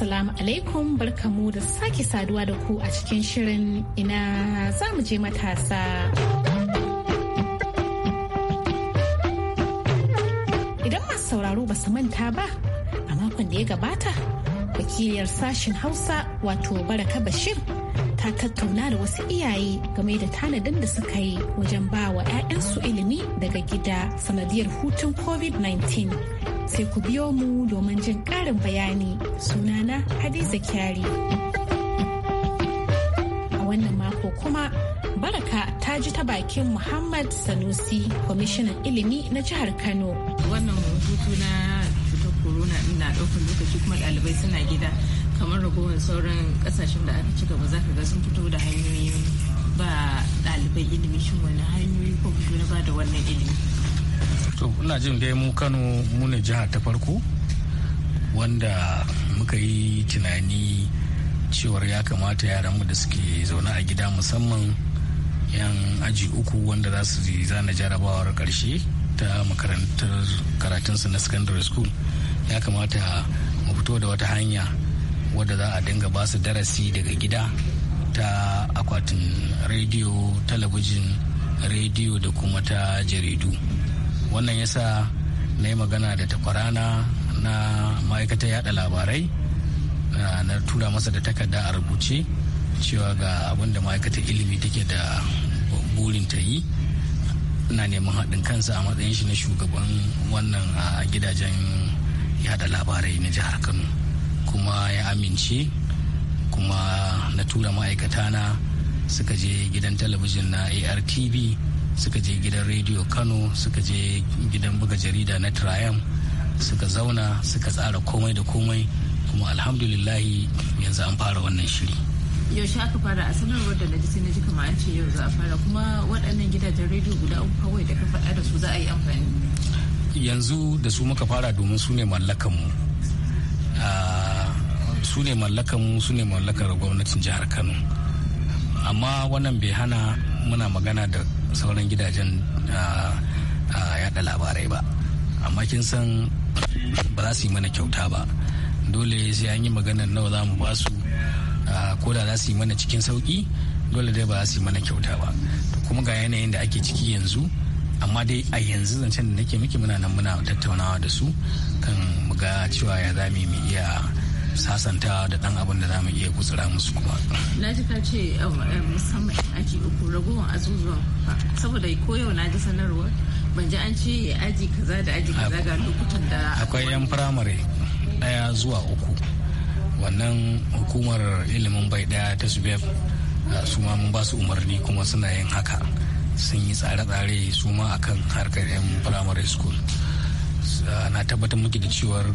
Assalamu alaikum barkamu da sake saduwa da ku a cikin shirin ina za mu je matasa. Idan masu sauraro ba su manta ba a makon da ya gabata, wakiliyar sashen Hausa wato Baraka Bashir ta tattauna da wasu iyaye game da tanadin da suka yi wajen ba wa 'ya'yansu ilimi daga gida sanadiyar hutun COVID-19. sai ku biyo mu domin jin ƙarin bayani sunana Hadiza Kyari. A wannan mako kuma baraka ta ji ta bakin Muhammad Sanusi, kwamishinan ilimi na jihar Kano. Wannan hutu na cutar corona ina ɗaukar lokaci kuma ɗalibai suna gida kamar ragowar sauran ƙasashen da aka ci gaba za ka ga sun fito da hanyoyin ba ɗalibai ilimi shin wani hanyoyi ko fito na ba da wannan ilimi. to ina jin dai mu kano muna ne jiha ta farko wanda muka yi tunani cewar ya kamata yaranmu da suke zaune a gida musamman yan aji uku wanda za su zana jarabawar karshe ta makarantar karatunsu na secondary school ya kamata mu fito da wata hanya wadda za a dinga ba su darasi daga gida ta akwatin rediyo talabijin rediyo da kuma ta jaridu wannan ya sa na yi magana da takwarana na ma'aikatar yada labarai na tura masa da takarda a rubuce cewa ga abin da ma'aikatar ilimi take da burin ta yi na neman haɗin kansa a matsayin shi na shugaban wannan a gidajen yada labarai na jihar kano kuma ya amince kuma na tura ma'aikata na suka je gidan talabijin na artv suka je gidan rediyo kano suka je gidan buga jarida na triam suka zauna suka tsara komai da komai kuma alhamdulillahi yanzu an fara wannan shiri yaushe aka fara a sanarwar da naji sai naji kamar an ce yau za a fara kuma waɗannan gidajen rediyo guda uku kawai da ka faɗa da su za a yi amfani yanzu da su muka fara domin su ne mallakanmu ah, su ne mu su ne mallakar gwamnatin jihar kano amma wannan bai hana muna magana da sauran gidajen ah, ah, yada labarai ba amma kin san ba za su yi mana kyauta ba dole sai an yi maganar nawa za mu ba su ah, ko da za su yi mana cikin sauki dole dai ba za su yi mana kyauta ba kuma ga yanayin da ake ciki yanzu amma dai a yanzu zancen da nake muke muna nan muna tattaunawa da su kan mu ga cewa ya zami mu iya sasanta da dan abin da zamu iya gutsura musu kuma na ji ka ce um, um, musamman aji uku ragowar azuzuwa saboda koyau na ji sanarwa ban ji an ce aji kaza da aji kaza ga lokutan da akwai yan firamare daya zuwa uku wannan hukumar ilimin bai daya ta subef uh, su ma mun ba su umarni kuma suna yin haka sun yi tsare-tsare su ma akan harkar yan firamare school uh, na tabbatar muke da cewar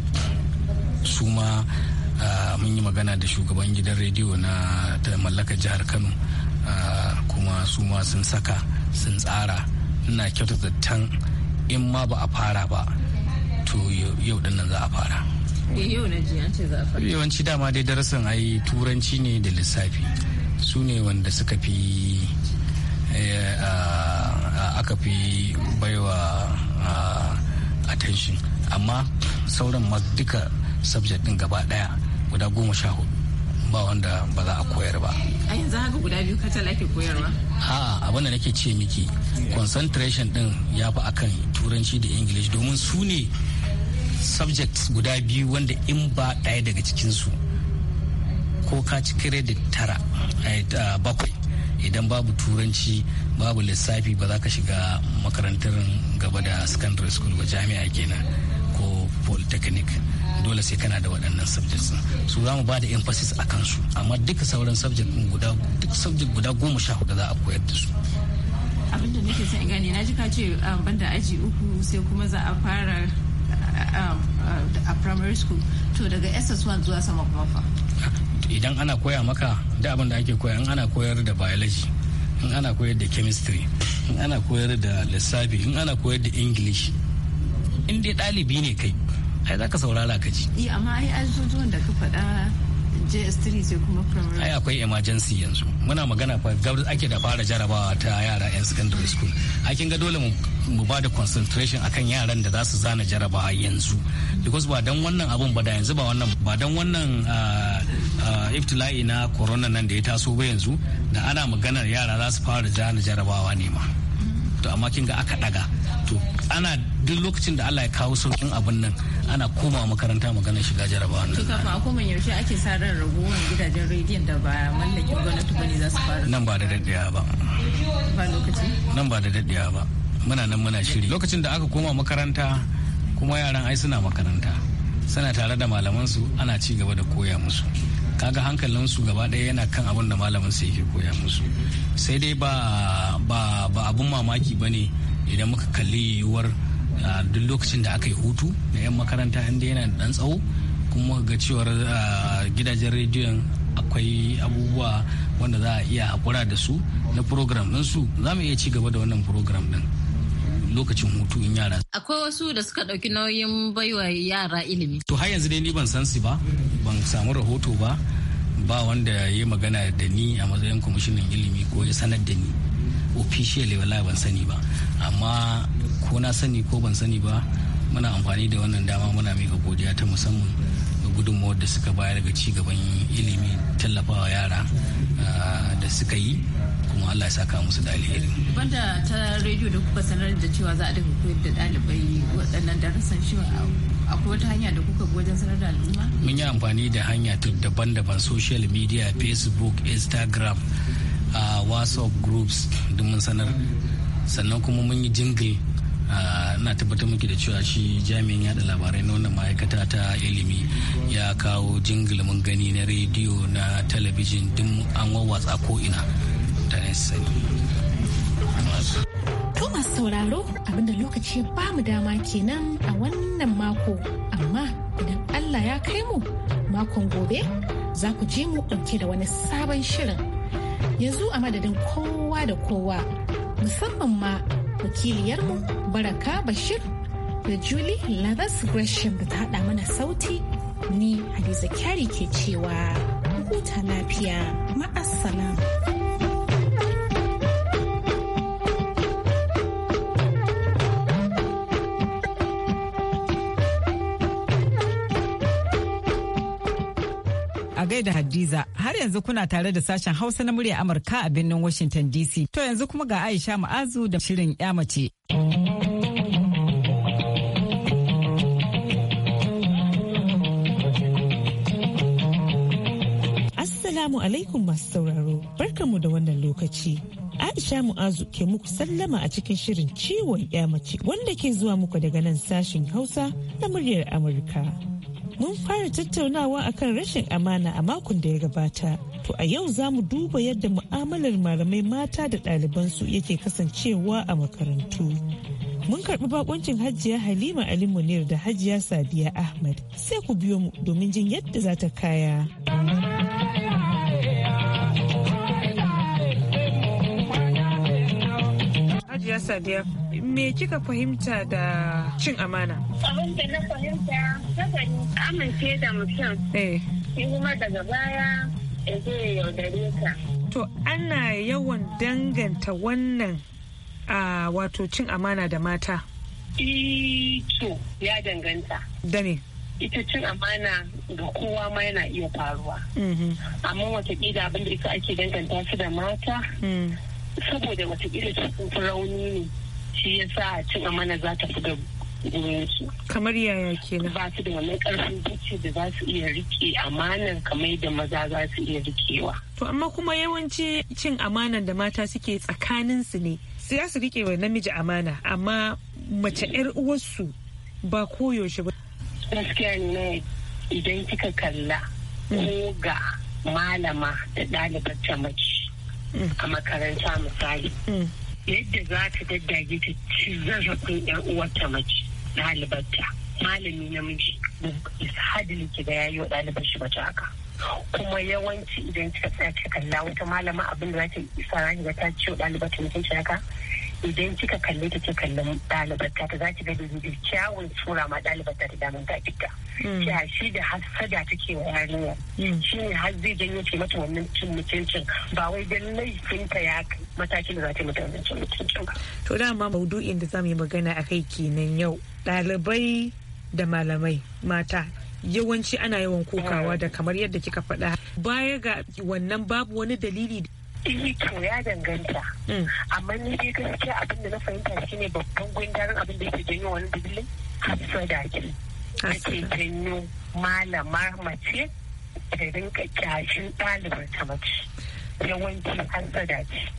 su ma Ah, mun yi magana da shugaban gidan rediyo na ta mallaka jihar kano ah, kuma su ma sun saka sun tsara ina kyautata tan in ma ba a fara ba to yau nan eh, za a fara yawanci dama dai darasin ai turanci ne da lissafi su ne wanda suka fi eh, ah, aka fi baiwa attention amma sauran duka subject din gaba daya guda goma sha hudu ba wanda ba za a koyar ba a yanzu haka guda biyu kacal ake koyarwa a abin nake ce miki concentration din ya fi akan turanci da english domin su ne subjects guda biyu wanda in ba ɗaya daga cikinsu ko ka ci credit tara eh, a bakwai idan babu turanci babu lissafi ba za ka shiga makarantar gaba da secondary school ba jami'a kenan ko polytechnic dole sai kana da waɗannan subjects su za mu ba da emphasis a kansu amma duka sauran subject guda duk subject guda goma sha hudu za a koyar da su abin da nake son in gane na ji ka ce ah, banda aji uku sai kuma za a fara ah, ah, a primary school to daga ss1 zuwa sama kuma fa idan ana koya maka da abin da ake koya in ana koyar da biology in ana koyar da chemistry in ana koyar da lissafi in ana koyar da english in dai ɗalibi ne kai ai za ka saurara ka ji e, amma ai azuzuwan da ka faɗa JS3 sai kuma primary. Ai akwai emergency yanzu. Muna magana fa ake da fara jarabawa ta yara 'yan secondary school. Hakin ga dole mu ba da concentration akan yaran da za su zana jarabawa yanzu. Because ba dan wannan abun ba da yanzu ba wannan ba dan wannan ah, ah, iftila'i na corona nan da ya taso ba yanzu da ana maganar yara za su fara zana jarabawa ne ma. to amma kin ga aka daga to ana duk lokacin da Allah ya kawo saukin abin nan ana koma makaranta magana shiga jarabawa nan. kafin a koma yaushe ake sa ran ragowar gidajen rediyon da ba mallakin gwamnati bane za su fara. Nan ba da daddiya ba. Ba lokaci? Nan ba da daddiya ba. Muna nan muna shiri. Lokacin da aka koma makaranta kuma yaran ai suna makaranta. Suna tare da malamansu ana ci gaba da koya musu. kaga hankalinsu gaba ɗaya yana kan abin da malamin su yake koya musu sai dai ba ba abun mamaki ba ne idan muka kalli yiwuwar duk lokacin da aka yi hutu na 'yan makaranta inda yana da dan tsawo kuma ga cewar gidajen rediyon akwai abubuwa wanda za a iya haƙura da su na program su za mu iya ci gaba da wannan program ɗin lokacin hutu in yara. Akwai wasu da suka ɗauki nauyin baiwa yara ilimi. To har yanzu dai ni ban san su ba, ban samu rahoto ba, ba wanda ya magana da ni a matsayin kwamishinan ilimi ko ya sanar da ni. officially wallahi ban sani ba amma ko na sani ko ban sani ba muna amfani da wannan dama muna mika godiya ta musamman ga gudunmawar da suka bayar ga gaban ilimi tallafawa yara ah, da suka yi kuma Allah ya saka musu da alheri. Banda ta rediyo da kuka sanar da cewa za a dinga koyar da ɗalibai waɗannan darasan shi akwai wata hanya da kuka wajen sanar da al'umma? Mun yi amfani da hanya daban-daban social media, Facebook, Instagram. Mm -hmm. a whatsapp groups duk sanar sannan kuma mun yi jingle na tabbatar muke da cewa shi jami'in yada labarai na wannan ma'aikata ta ilimi ya kawo jingle mun gani na rediyo na talabijin duk an wawatsa ko ina To masu sauraro abinda lokaci ya ba mu dama kenan a wannan mako amma idan Allah ya kai mu makon gobe za ku je mu ɗauke da wani sabon shirin yanzu a madadin kowa da kowa musamman ma wakiliyarmu baraka bashir da juli lathers gresham da ta haɗa mana sauti ni hadiza kyari ke cewa huta lafiya ma'assalam. a gaida Hadiza har yanzu kuna tare da sashen Hausa na murya Amurka a birnin Washington DC. To yanzu kuma ga Aisha muazu da shirin yamace. mace. Assalamu alaikum masu sauraro, barkanmu da wannan lokaci. Aisha Mu'azu ke muku sallama a cikin shirin ciwon mace wanda ke zuwa muku daga nan sashen Hausa na muryar Amurka. mun fara tattaunawa akan rashin amana a makon da ya gabata. To a yau za mu duba yadda mu'amalar malamai mata da ɗalibansu yake kasancewa a makarantu. Mun karɓi bakoncin Hajiya Halima Ali Munir da Hajiya Sadiya Ahmad. Sai ku biyo mu domin jin yadda za ta kaya. Hajiya Sadiya, me kika fahimta da cin amana? Abin da na fahimta, na amince da mutum. Eh. kuma daga baya ya yaudare ka. To ana yawan danganta wannan a wato cin amana da mata. Ito ya danganta. Da ne? Ita cin amana ga kowa ma yana iya faruwa. Mm-hmm. Amma watakila abin da ita ake danganta su da mata. Mm. Saboda watakila cikin rauni ne. shi yasa cin amana za ta fi da su. kamar yaya kenan ba su da wani karfin zuci da za su iya rike amanar kamar da maza za su iya rikewa to amma kuma yawanci cin amanar da mata suke tsakanin su ne sai su rike wa namiji amana amma mace yar uwarsu ba koyaushe ba gaskiya ne idan kika kalla mm. ko ga malama da ɗalibar ta mace mm. a makaranta misali mm. yadda za ta daddage ta ci zarafin yan uwarta mace ɗalibarta malami namiji da hadin ki ga yayi wa ɗalibar shi mace haka kuma yawanci idan kika tsaya kika kalla wata malama abin da za ta isa ranar ta ci wa ɗalibar ta mutunci haka idan kika kalli ta ce kallon ɗalibar ta ta za ki ga kyawun tsura ma ɗalibar ta ta damun ta hmm. ita. shi da hasada take wa yarinya. Hmm. Shi ne har zai janyo ce mata wannan cin mutuncin ba wai don laifinta ya matakin da za ta yi mata wannan cin mutuncin ba. To dama maudu'in da za mu yi magana a kai kenan yau ɗalibai da malamai mata yawanci ana yawan kokawa hmm. da kamar yadda kika faɗa baya ga wannan babu wani dalili to ya danganta mm. amma ni dai gaskiya abin da na fahimta shine babban gundarin abin da yake janyo wani dubilin hasada ce ake janyo malamar mace ta rinka kyashin ɗalibar ta mace yawanci hasada ce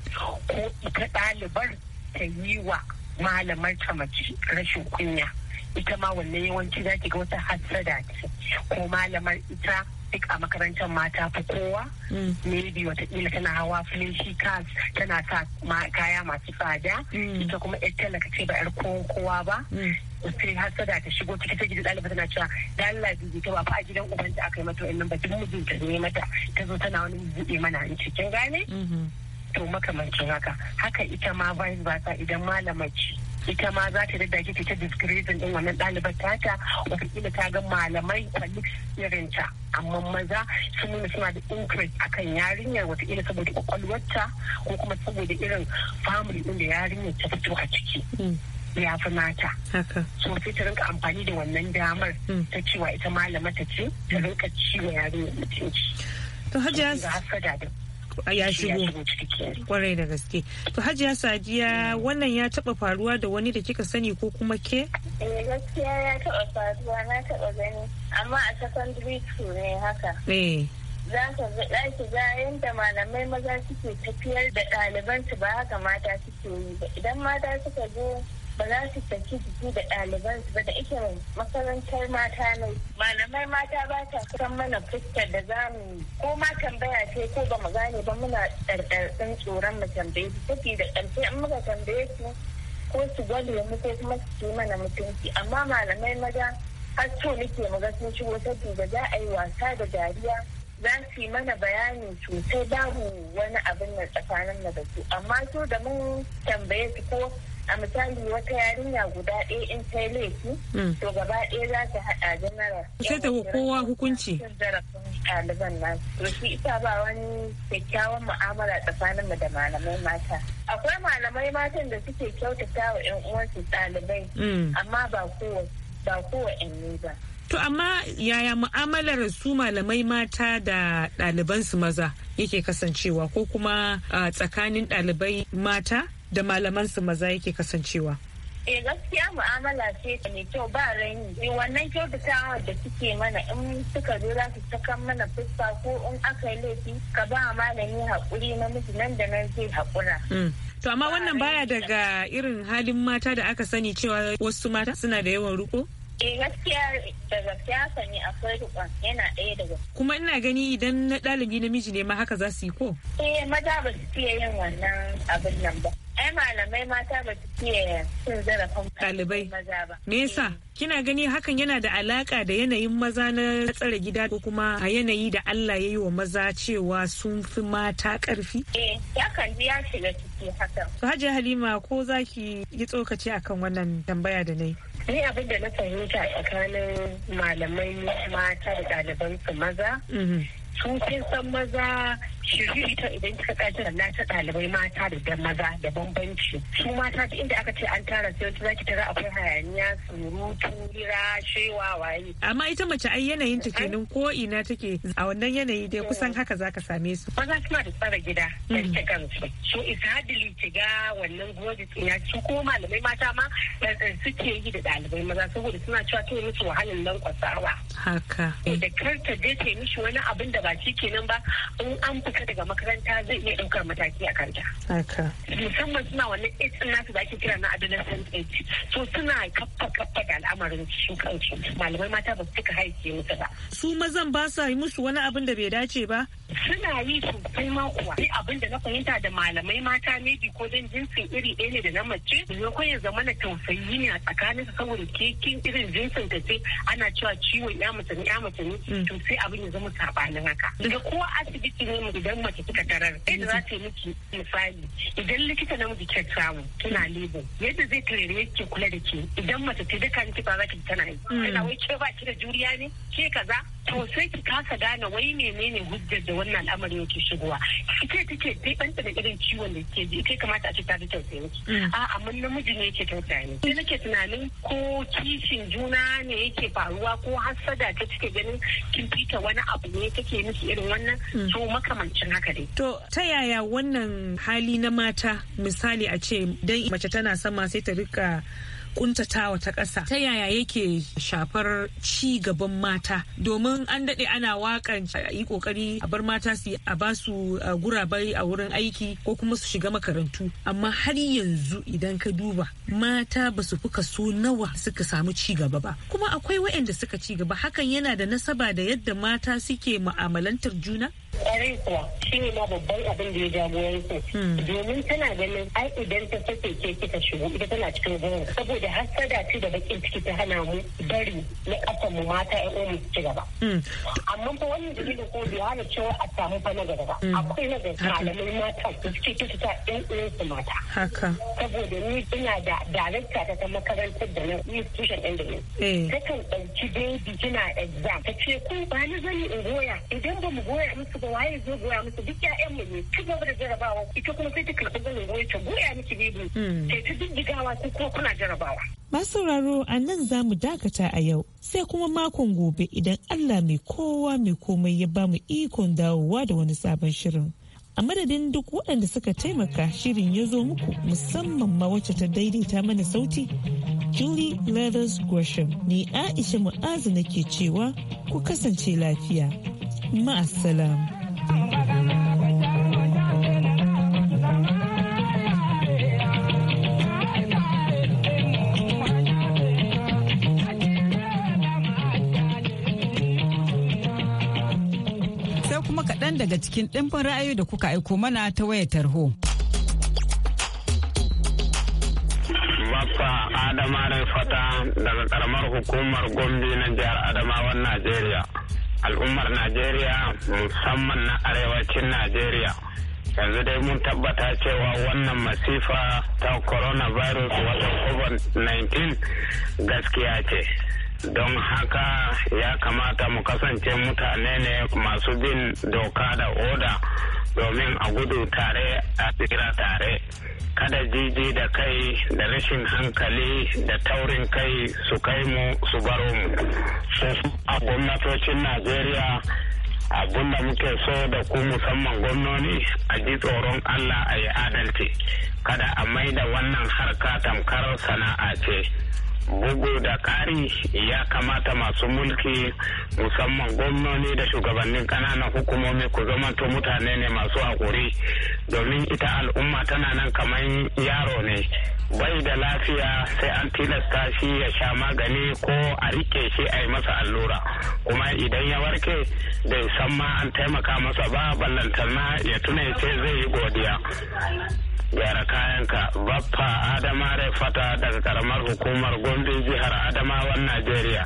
ko ita ɗalibar ta yi wa malamar ta mace rashin kunya ita ma wannan yawanci za ki ga wata hasada ce ko malamar ita duk a makarantar mata fa kowa mm. maybe watakila tana hawa filishi cars tana sa kaya masu tsada mm. ita kuma yar talaka ce ba yar kowa ba mm. sai har sada ta shigo ciki ta gidan ɗaliba tana cewa da Allah ta ba fa a gidan ubanta aka yi mata wannan ba duk mijinta ne mata ta zo tana wani buɗe mana in cikin gane mm-hmm. to makamancin haka haka ita ma vice versa idan malamaci ita ma za ta daddake ta ta in din wannan ɗalibar tata wataƙila ta ga malamai irin ta amma maza sun nuna suna da a akan yarinyar wataƙila saboda kwakwalwarta ko kuma saboda irin family din da yarinyar ta fito a ciki. Hmm. ya fi mata. So sai ta rinka amfani da wannan damar hmm. ta cewa ita malamata ce ta rinka ciwa yarinyar mutunci. To ya shigo kwarai da gaske to hajiya sadiya mm. wannan ya taba faruwa da wani da kika sani ko kuma ke eh, gaskiya ya taba faruwa na taba gani amma a secondary school ne haka eh. za ka ga ɗaki ga yadda malamai maza suke tafiyar da ɗaliban su ba haka mata suke yi ba idan mata suka zo ba za su saki jiki da ɗaliban su ba da ike makarantar mata ne malamai mata ba ta kusan mana fuskar da za mu ko ma tambaya ce ko ba mu gane ba muna ɗarɗarɗin tsoron mu tambaye su tafi da ƙarfi in muka tambaye su ko su gwale mu ko kuma su mana mutunci amma malamai maza har to nake mu ga sun shigo saboda za a yi wasa da dariya za su yi mana bayani sosai babu wani abin na tsakanin na da su amma so da mun tambaye su ko a misali wata yarinya guda ɗaya in ta yi laifi hmm. to gaba ɗaya za ta haɗa janara sai ta kowa hukunci ɗaliban nan to shi ita ba wani kyakkyawan mu'amala tsakaninmu da malamai mata akwai malamai matan da suke kyautata wa 'yan uwansu ɗalibai hmm. amma ba kowa ba kowa ba To amma yaya mu'amalar su malamai mata da ɗalibansu maza yake kasancewa ko kuma ah, tsakanin ɗalibai mata da malaman su maza yake kasancewa eh gaskiya mu'amala ce ta mai kyau ba raini eh, wannan kyautatawa da suke mana in suka zo za su saka mana fuska ko in aka yi laifi ka ba malami haƙuri na miji nan da nan zai haƙura hmm. to amma wannan baya daga irin halin mata da aka sani cewa wasu mata suna da yawan ruko Eh, ne akwai yana ɗaya Kuma ina gani idan na ɗalibi namiji ne ma haka za su yi ko? Eh maza ba su fiye yin wannan abin nan ba. Ai malamai mata ba su fiye cin zarafin ɗalibai maza ba. Me yasa? Eh. Kina gani hakan yana da alaka da yanayin maza na tsare gida ko kuma a yanayi da Allah ya yi wa maza cewa sun fi mata ƙarfi? Eh, ya ji ya shiga ciki hakan. Hajiya Halima ko za ki yi tsokaci akan wannan tambaya da na yi? ni abin da na fahimta tsakanin malamai mata da ɗaliban su maza mhm. sun fi san maza shiriri ta idan kika kaji na ta ɗalibai mata da dan maza da bambanci su mata ta inda aka ce an tara sai wata zaki tara akwai hayaniya surutu rira shewa waye amma ita mace ai yanayin ta kenan ko ina take a wannan yanayi dai kusan haka zaka same su maza suna da tsara gida da hmm. kansu so ishadili ki ga wannan gwaji tsinya su ko malamai mata ma eh, eh, suke yi da ɗalibai maza saboda suna cewa to musu wahalan lankwasawa haka da kar ta je ta mishi wani abin da ba shi kenan ba in an fita daga makaranta zai iya ɗaukar mataki a kanta. Musamman suna wannan age ɗin nasu da ake kira na adolescent age. So suna kafa kafa da al'amarin su kansu. Malamai mata ba su cika haike musu ba. Su mazan ba sa yi musu wani abin da bai dace ba. suna yi sosai ma kuwa sai abin da na fahimta da malamai mata ne bi ko dan jinsin iri ɗaya ne da na mace ne ko ya zama na tausayi ne a tsakanin su saboda kekin irin jinsin ta ce ana cewa ciwon ya mace ne ya mace mm. to sai abin ya zama sabanin haka mm. daga kowa asibiti ne mu idan mace kika tarar sai da za ta yi miki misali idan likita na miji ke samu kina mm. lebo yadda zai tarere ki kula da ke idan mace ta da kan ba za ki tana yi tana wai ke ba ki da juriya ne ke kaza to sai ki kasa gane wai menene hujjar da wani wannan al'amarin yake shigowa ita take dai da irin ciwon da ke ji kai kamata a ce ta ji tausayi miki mm. a amma namiji ne yake tausayi ne sai nake tunanin ko kishin juna ne yake faruwa ko hasada ta cike ganin kin fita wani abu ne take miki irin wannan mm. to makamancin haka dai to ta yaya wannan hali na mata misali a ce dan mace tana sama sai ta rika kuntatawa ta ƙasa ta yaya yake shafar ci gaban mata domin an daɗe ana wakan yi ƙoƙari a bar mata su a ba su gurabai a wurin aiki ko kuma su shiga makarantu amma har yanzu idan ka duba mata ba su fi kaso nawa suka samu ci gaba ba kuma akwai waɗanda suka ci gaba hakan yana da nasaba da yadda mata suke ma'amalantar juna kwarai kuwa shi ne ma babban abin da ya jago yanku hmm. domin tana ganin ai idan ta sake ke kika shigo ita tana cikin gurin saboda hasada ce da bakin ciki ta hana mu bari na kasan mu mata ya umu ci gaba hmm. amma fa wannan dalilin ko bai hana cewa a samu fa na gaba ba hmm. akwai na gaba malamai mata da suke kyautata ɗan uwansu mata saboda ni ina da darakta ta ta makarantar da na institution ɗin da ni eh. kan ɗauki baby kina exam ta ce ko ba ni zani in goya idan ba mu goya musu ba ba waye zo goya musu duk ƴaƴan mu ne ci gaba da jarabawa ita kuma sai ta karɓi zanin goyi goya miki bibi hmm. sai ta diddigawa ko kuma kuna jarabawa. Masu sauraro a nan za mu dakata a yau sai kuma makon gobe idan Allah mai kowa mai komai ya ba mu ikon dawowa da wani sabon shirin. a madadin duk waɗanda suka taimaka shirin ya zo muku musamman ma wacce ta daidaita mana sauti julie leathers gresham ni aisha mu'azu nake cewa ku kasance lafiya ma'asalam. kaɗan daga cikin ɗimbin ra'ayoyi da kuka aiko mana ta wayar tarho. Bakwa Adama Fata daga ƙaramar hukumar Gombe na jihar Adamawan Najeriya. al'ummar najeriya musamman na arewacin najeriya yanzu dai mun tabbata cewa wannan masifa ta coronavirus wata covid-19 gaskiya ce don haka ya kamata mu kasance mutane ne masu bin doka da oda domin a gudu tare a tsira tare kada jiji da kai da rashin hankali da taurin kai su kai mu su baro mu a gwamnatocin najeriya abun da muke so da ku musamman gwamnoni a ji tsoron allah a yi adalci kada a maida wannan harka tamkar sana'a ce bugu da ƙari ya kamata masu mulki musamman gwamnoni da shugabannin ƙananan hukumomi ku zama zamanto mutane ne masu haƙuri domin ita al'umma tana nan kamar yaro ne bai da lafiya sai an tilasta shi ya sha magani ko a rike shi a yi masa allura kuma idan ya warke bai san ma an taimaka masa ba ballantana ya tuna ya ce zai yi godiya gyara ka baffa adama da fata daga karamar hukumar gombe jihar adamawan najeriya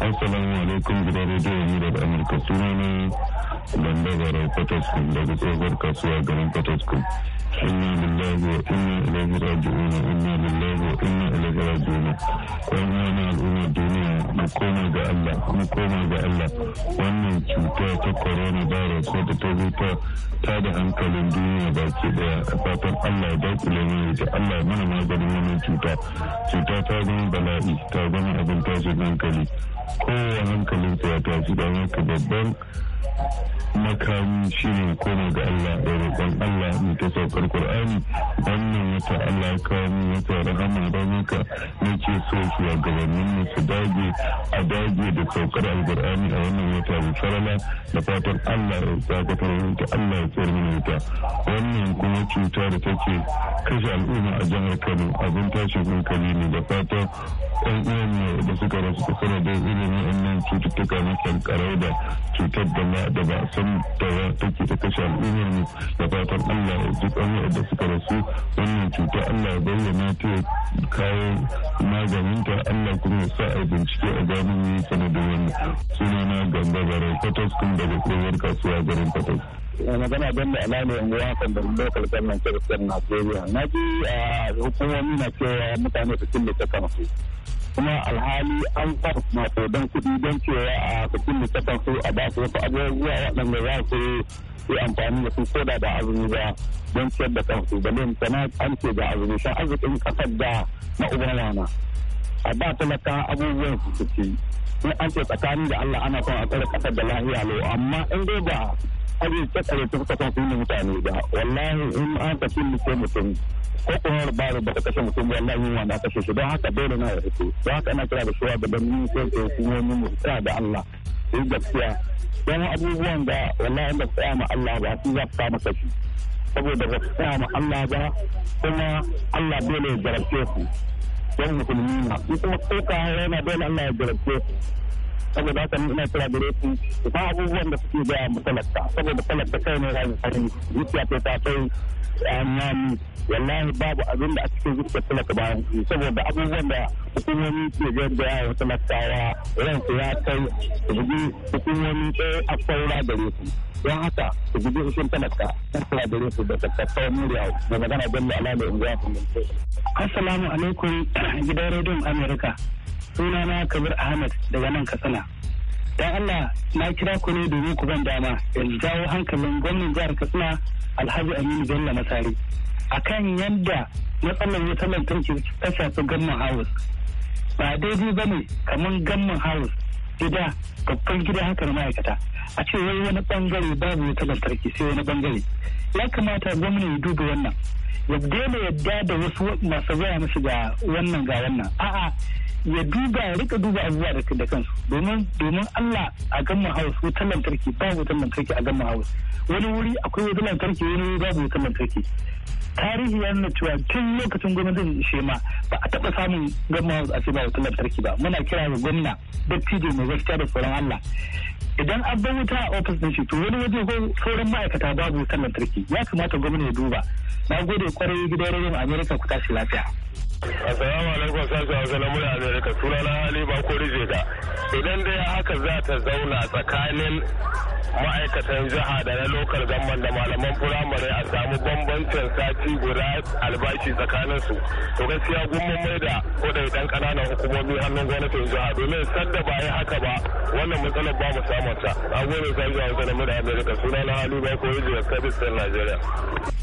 assalamu alaikum gidan da ne daga amurka ne dan dabarar daga tsohuwar kasuwa garin fataskum inna lillahi wa inna ilaihi raji'un inna lillahi wa inna ilaihi raji'un kwan wani al'ummar duniya mu koma ga Allah mu koma ga Allah wannan cuta ta corona virus wadda ta zo ta ta da hankalin duniya baki daya a fatan Allah ya dakule mana ita Allah mana maganin wannan cuta cuta ta zama bala'i ta zama abin tashin hankali kowa hankalinsa ya tashi don haka babban Thank you. makami ne koma ga Allah da roƙon Allah mai ta saukar Qur'ani wannan wata Allah ya kawo mu wata rahama ramuka nake so gabanin mu su dage a dage da saukar al a wannan wata mu da fatan Allah ya dakatar ta Allah ya tsare mu ta wannan kuma cuta da take kashe al'umma a jihar Kano abin tashi hankali ne da fatan ɗan uwan da suka rasu kusa da irin wannan cututtuka na kankarau da cutar da ba a kan da take ta kashe al'ummar mu da fatan Allah ya ji kan da suka rasu wannan cuta Allah ya bayyana ta kawo maganinta Allah kuma ya sa a bincike a gano ne sanadin wannan na gamba barai fatos kun daga tsohuwar kasuwa garin fatos. Eh, magana don da alamu yan uwa kan da local government na Najeriya na ji ah, hukumomi na cewa mutane su killace kansu kuma alhali an ba masu don kuɗi don cewa a cikin kasan su a ba su wasu abubuwa waɗanda za su yi amfani da su koda da azumi ba don ciyar da kansu da lin sana an ce da azumi shan arzikin kasar da na ubanwana a ba talaka abubuwan su ci ne an ce tsakanin da Allah ana son a tsara kasar da lahiya lo amma in dai ba aji ta tsare ta kasan son su mutane ba wallahi in an tafi mutum mutum ko kuma ba ba ta kashe mutum wallahi yunwa na kashe shi don haka dole na ya fito don haka ana kira da shi da ban yi sai ko hukumomin mu tsaya da Allah su yi gaskiya don abubuwan da wallahi ba tsaya ma Allah ba su za su samu kashi saboda ba tsaya ma Allah ba kuma Allah dole ya jarabce su don musulmi na su kuma tsoka yana dole Allah ya jarabce su saboda haka ni ina kira gare su su abubuwan da suke da matalaka saboda talaka kai ne rayuwa zuciya ta kai tsanani wallahi babu abin da a cikin zuciyar talaka bayan saboda abubuwan da hukumomi ke ya wa talakawa ransu ya kai su guji hukumomi ɗaya a saura don haka su guji hukun talaka saura da murya da magana don da alamar unguwa kuma. Assalamu alaikum gidan rediyon Amurka. Sunana Kabir Ahmed daga nan Katsina. Don Allah na kira ku ne domin ku ban dama yanzu jawo hankalin gwamnan jihar Katsina alhaji aminu bello masari akan yadda matsalar wutar lantarki ta shafi gamman house ba daidai ba ne kamar gamman house gida babban gida haka na ma'aikata a ce wai wani bangare babu wutar lantarki sai wani bangare ya kamata gwamna ya duba wannan ya daina yadda da wasu masu gaya masu ga wannan ga wannan a'a ya duba ya rika duba abubuwa da da kansu domin domin Allah a gamma house wutar lantarki babu wutar lantarki a gama house wani wuri akwai wutar lantarki wani wuri babu wutar lantarki tarihi ya nuna cewa tun lokacin gwamnatin shema ba a taba samun gama house a ce ba wutar lantarki ba muna kira ga gwamna dattijo mai gaskiya da tsoron Allah idan an bar wuta a ofis din shi to wani waje ko sauran ma'aikata babu wutar lantarki ya kamata gwamna ya duba na gode kwarai gidan rediyon Amerika ku tashi lafiya. Assalamu alaikum sashen Hausa na Amerika suna na hali ba da idan dai haka za ta zauna tsakanin ma'aikatan jiha da na lokal gamban da malaman firamare a samu bambancin sati guda albashi tsakanin su to gaskiya gumman mai da kodai dan kananan hukumomi hannun gwamnatin jiha domin sadda ba yi haka ba wannan matsalar ba mu samun ta a gobe sai zuwa wata da mura america suna na halu ba ko yaji da service din najeriya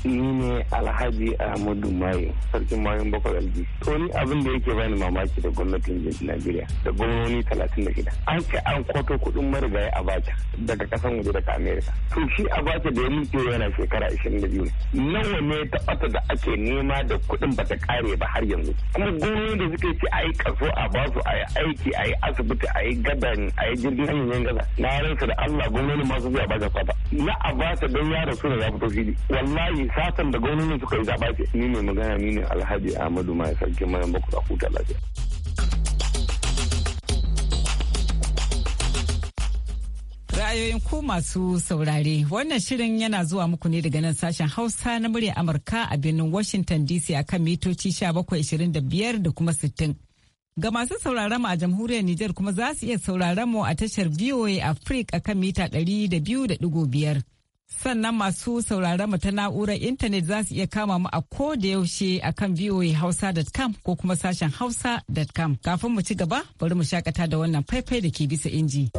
ni ne alhaji ahmadu Mai, sarkin mayun bakwai Gombe. To ni abin da yake bani mamaki da gwamnatin Najeriya da gwamnoni talatin da shida. An ce an kwato kuɗin marigayi Abacha daga ƙasan waje daga Amerika. To shi Abacha da ya mutu yana shekara ashirin da biyu. Nawa ne taɓata da ake nema da kuɗin bata ƙare ba har yanzu. Kuma gwamnoni da suka ce a yi kaso a basu a yi aiki a yi asibiti a yi gadan a yi jirgin hanyoyin gaza. Na ransa da Allah gwamnoni su zuwa ba kwata Na Abacha don ya rasu da ya fito fili. Wallahi satan da gwamnoni suka yi zaɓa ce. Ni ne magana ni ne Alhaji Ahmadu Abdul Mai sarkin bakwai huta lafiya. Ra'ayoyin ku masu saurare wannan shirin yana zuwa muku ne daga nan sashen Hausa na murya Amurka a birnin Washington DC akan mitoci 1725 da kuma 60. Ga masu sauraron mu a jamhuriyar Nijar kuma za su iya sauraron mu a tashar VOA Africa akan mita 200.5. sannan masu sauraron mu ta na'urar intanet za su iya kama mu a ko da yaushe a kan voahausa.com ko kuma sashen hausa.com kafin mu ci gaba bari mu shakata da wannan faifai da ke bisa inji.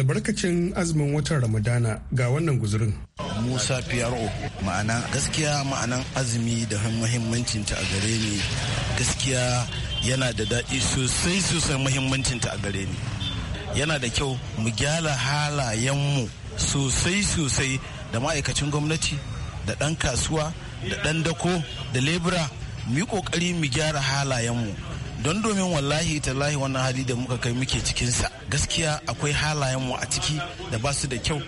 albarkacin azumin watan ramadana ga wannan guzurin musa pro ma'ana gaskiya ma'anan azumi da muhimmancinta a gare ni gaskiya yana da daɗi sosai sosai muhimmancinta a gare ni yana da kyau mu gyara halayenmu sosai sosai da ma'aikacin gwamnati da ɗan kasuwa da ɗan dako da lebura mu yi ƙoƙari mu gyara halayenmu don domin wallahi tallahi wannan hali da muka kai muke cikinsa gaskiya akwai halayen mu a ciki da ba su da kyau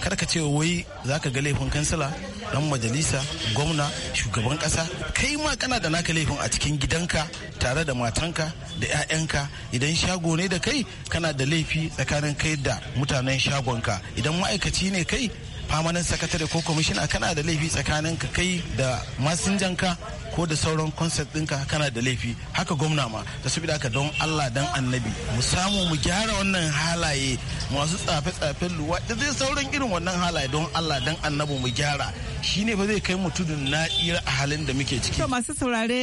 kar ka ce wai za ka ga laifin kansila dan majalisa gwamna shugaban kasa kai ma kana da naka laifin a cikin gidanka tare da matanka da 'ya'yanka idan shago ne da kai kana da laifi tsakanin kai da mutanen shagonka idan ma'aikaci ne kai famanin sakatare ko kwamishina kana da laifi tsakanin ka kai da masinjanka ko da sauran concept ɗinka kana da laifi haka gwamna ma da saboda haka don Allah dan annabi mu samu mu gyara wannan halaye masu tsafe-tsafen da zai sauran irin wannan halaye don Allah dan annabi mu gyara shine ba zai kai mu tudun na a halin da muke ciki. masu saurare